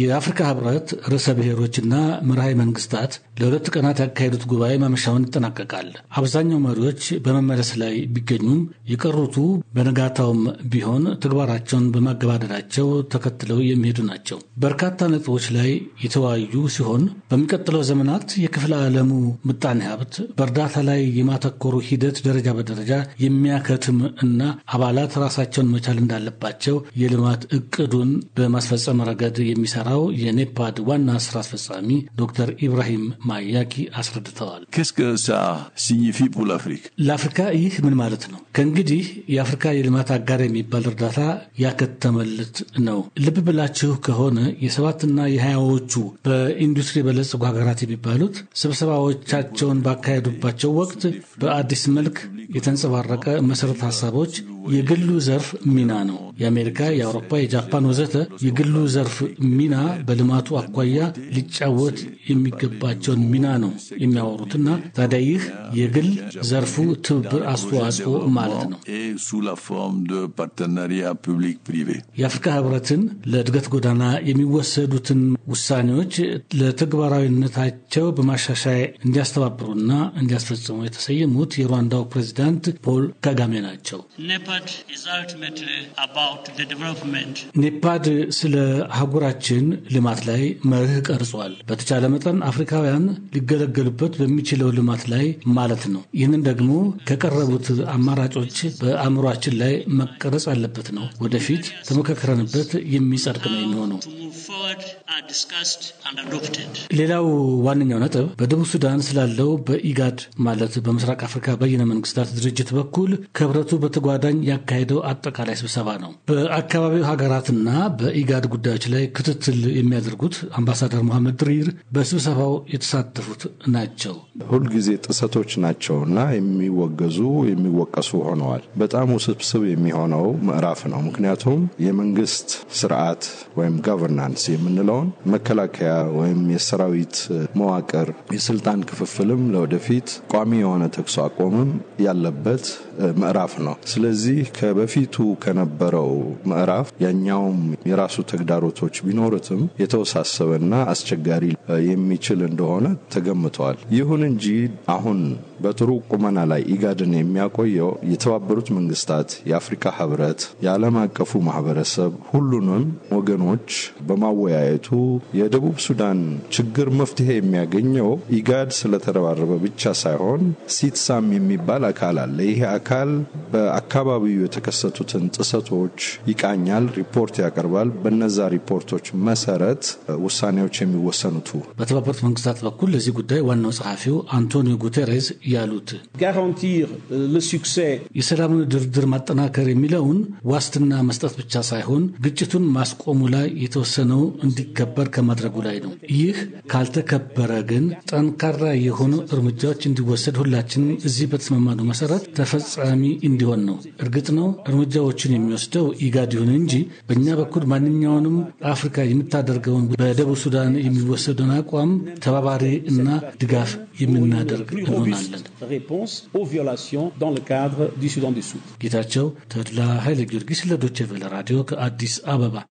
የአፍሪካ ህብረት ርዕሰ ብሔሮችና መርሃዊ መንግስታት ለሁለት ቀናት ያካሄዱት ጉባኤ ማመሻውን ይጠናቀቃል። አብዛኛው መሪዎች በመመለስ ላይ ቢገኙም የቀሩቱ በነጋታውም ቢሆን ተግባራቸውን በማገባደዳቸው ተከትለው የሚሄዱ ናቸው። በርካታ ነጥቦች ላይ የተወያዩ ሲሆን በሚቀጥለው ዘመናት የክፍለ ዓለሙ ምጣኔ ሀብት በእርዳታ ላይ የማተኮሩ ሂደት ደረጃ በደረጃ የሚያከትም እና አባላት ራሳቸውን መቻል እንዳለባቸው የልማት እቅዱን በማስፈጸም ረገድ የሚሰራ እንዳወጣው የኔፓድ ዋና ስራ አስፈጻሚ ዶክተር ኢብራሂም ማያኪ አስረድተዋል። ከስከሳ ሲኒፊ ፑል አፍሪክ ለአፍሪካ ይህ ምን ማለት ነው? ከእንግዲህ የአፍሪካ የልማት አጋር የሚባል እርዳታ ያከተመለት ነው። ልብ ብላችሁ ከሆነ የሰባትና የሀያዎቹ በኢንዱስትሪ የበለጸጉ ሀገራት የሚባሉት ስብሰባዎቻቸውን ባካሄዱባቸው ወቅት በአዲስ መልክ የተንጸባረቀ መሰረተ ሀሳቦች የግሉ ዘርፍ ሚና ነው። የአሜሪካ፣ የአውሮፓ፣ የጃፓን ወዘተ የግሉ ዘርፍ ሚና በልማቱ አኳያ ሊጫወት የሚገባቸውን ሚና ነው የሚያወሩትና ታዲያ ይህ የግል ዘርፉ ትብብር አስተዋጽኦ ማለት ነው። የአፍሪካ ህብረትን ለእድገት ጎዳና የሚወሰዱትን ውሳኔዎች ለተግባራዊነታቸው በማሻሻያ እንዲያስተባብሩና እንዲያስፈጽሙ የተሰየሙት የሩዋንዳው ፕሬዚዳንት ፖል ካጋሜ ናቸው። ኔፓድ ስለ አህጉራችን ልማት ላይ መርህ ቀርጿል። በተቻለ መጠን አፍሪካውያን ሊገለገሉበት በሚችለው ልማት ላይ ማለት ነው። ይህንን ደግሞ ከቀረቡት አማራጮች በአእምሯችን ላይ መቀረጽ አለበት ነው። ወደፊት ተመካከረንበት የሚጸድቅ ነው የሚሆነው። ሌላው ዋነኛው ነጥብ በደቡብ ሱዳን ስላለው በኢጋድ ማለት በምስራቅ አፍሪካ በይነ መንግስታት ድርጅት በኩል ከህብረቱ በተጓዳኝ ያካሄደው አጠቃላይ ስብሰባ ነው። በአካባቢው ሀገራትና በኢጋድ ጉዳዮች ላይ ክትትል የሚያደርጉት አምባሳደር መሐመድ ድሪር በስብሰባው የተሳተፉት ናቸው። ሁልጊዜ ጥሰቶች ናቸውና የሚወገዙ የሚወቀሱ ሆነዋል። በጣም ውስብስብ የሚሆነው ምዕራፍ ነው። ምክንያቱም የመንግስት ስርዓት ወይም ጋቨርናንስ የምንለውን መከላከያ ወይም የሰራዊት መዋቅር የስልጣን ክፍፍልም ለወደፊት ቋሚ የሆነ ተኩስ አቆምም ያለበት ምዕራፍ ነው። ስለዚህ ከበፊቱ ከነበረው ምዕራፍ ያኛውም የራሱ ተግዳሮቶች ቢኖሩትም የተወሳሰበና አስቸጋሪ የሚችል እንደሆነ ተገምተዋል። ይሁን እንጂ አሁን በጥሩ ቁመና ላይ ኢጋድን የሚያቆየው የተባበሩት መንግስታት፣ የአፍሪካ ህብረት፣ የዓለም አቀፉ ማህበረሰብ ሁሉንም ወገኖች በማወ መወያየቱ የደቡብ ሱዳን ችግር መፍትሄ የሚያገኘው ኢጋድ ስለተረባረበ ብቻ ሳይሆን ሲትሳም የሚባል አካል አለ። ይህ አካል በአካባቢው የተከሰቱትን ጥሰቶች ይቃኛል፣ ሪፖርት ያቀርባል። በነዛ ሪፖርቶች መሰረት ውሳኔዎች የሚወሰኑት በተባበሩት መንግስታት በኩል ለዚህ ጉዳይ ዋናው ጸሐፊው አንቶኒዮ ጉተሬዝ ያሉት የሰላምን ድርድር ማጠናከር የሚለውን ዋስትና መስጠት ብቻ ሳይሆን ግጭቱን ማስቆሙ ላይ የተወሰነው እንዲከበር ከማድረጉ ላይ ነው። ይህ ካልተከበረ ግን ጠንካራ የሆኑ እርምጃዎች እንዲወሰድ ሁላችንም እዚህ በተስማማነው መሰረት ተፈጻሚ እንዲሆን ነው። እርግጥ ነው እርምጃዎችን የሚወስደው ኢጋድ ይሁን እንጂ በእኛ በኩል ማንኛውንም አፍሪካ የምታደርገውን በደቡብ ሱዳን የሚወሰደውን አቋም ተባባሪ እና ድጋፍ የምናደርግ እንሆናለን። ጌታቸው ተድላ ኃይለ ጊዮርጊስ ለዶቼ ቬለ ራዲዮ ከአዲስ አበባ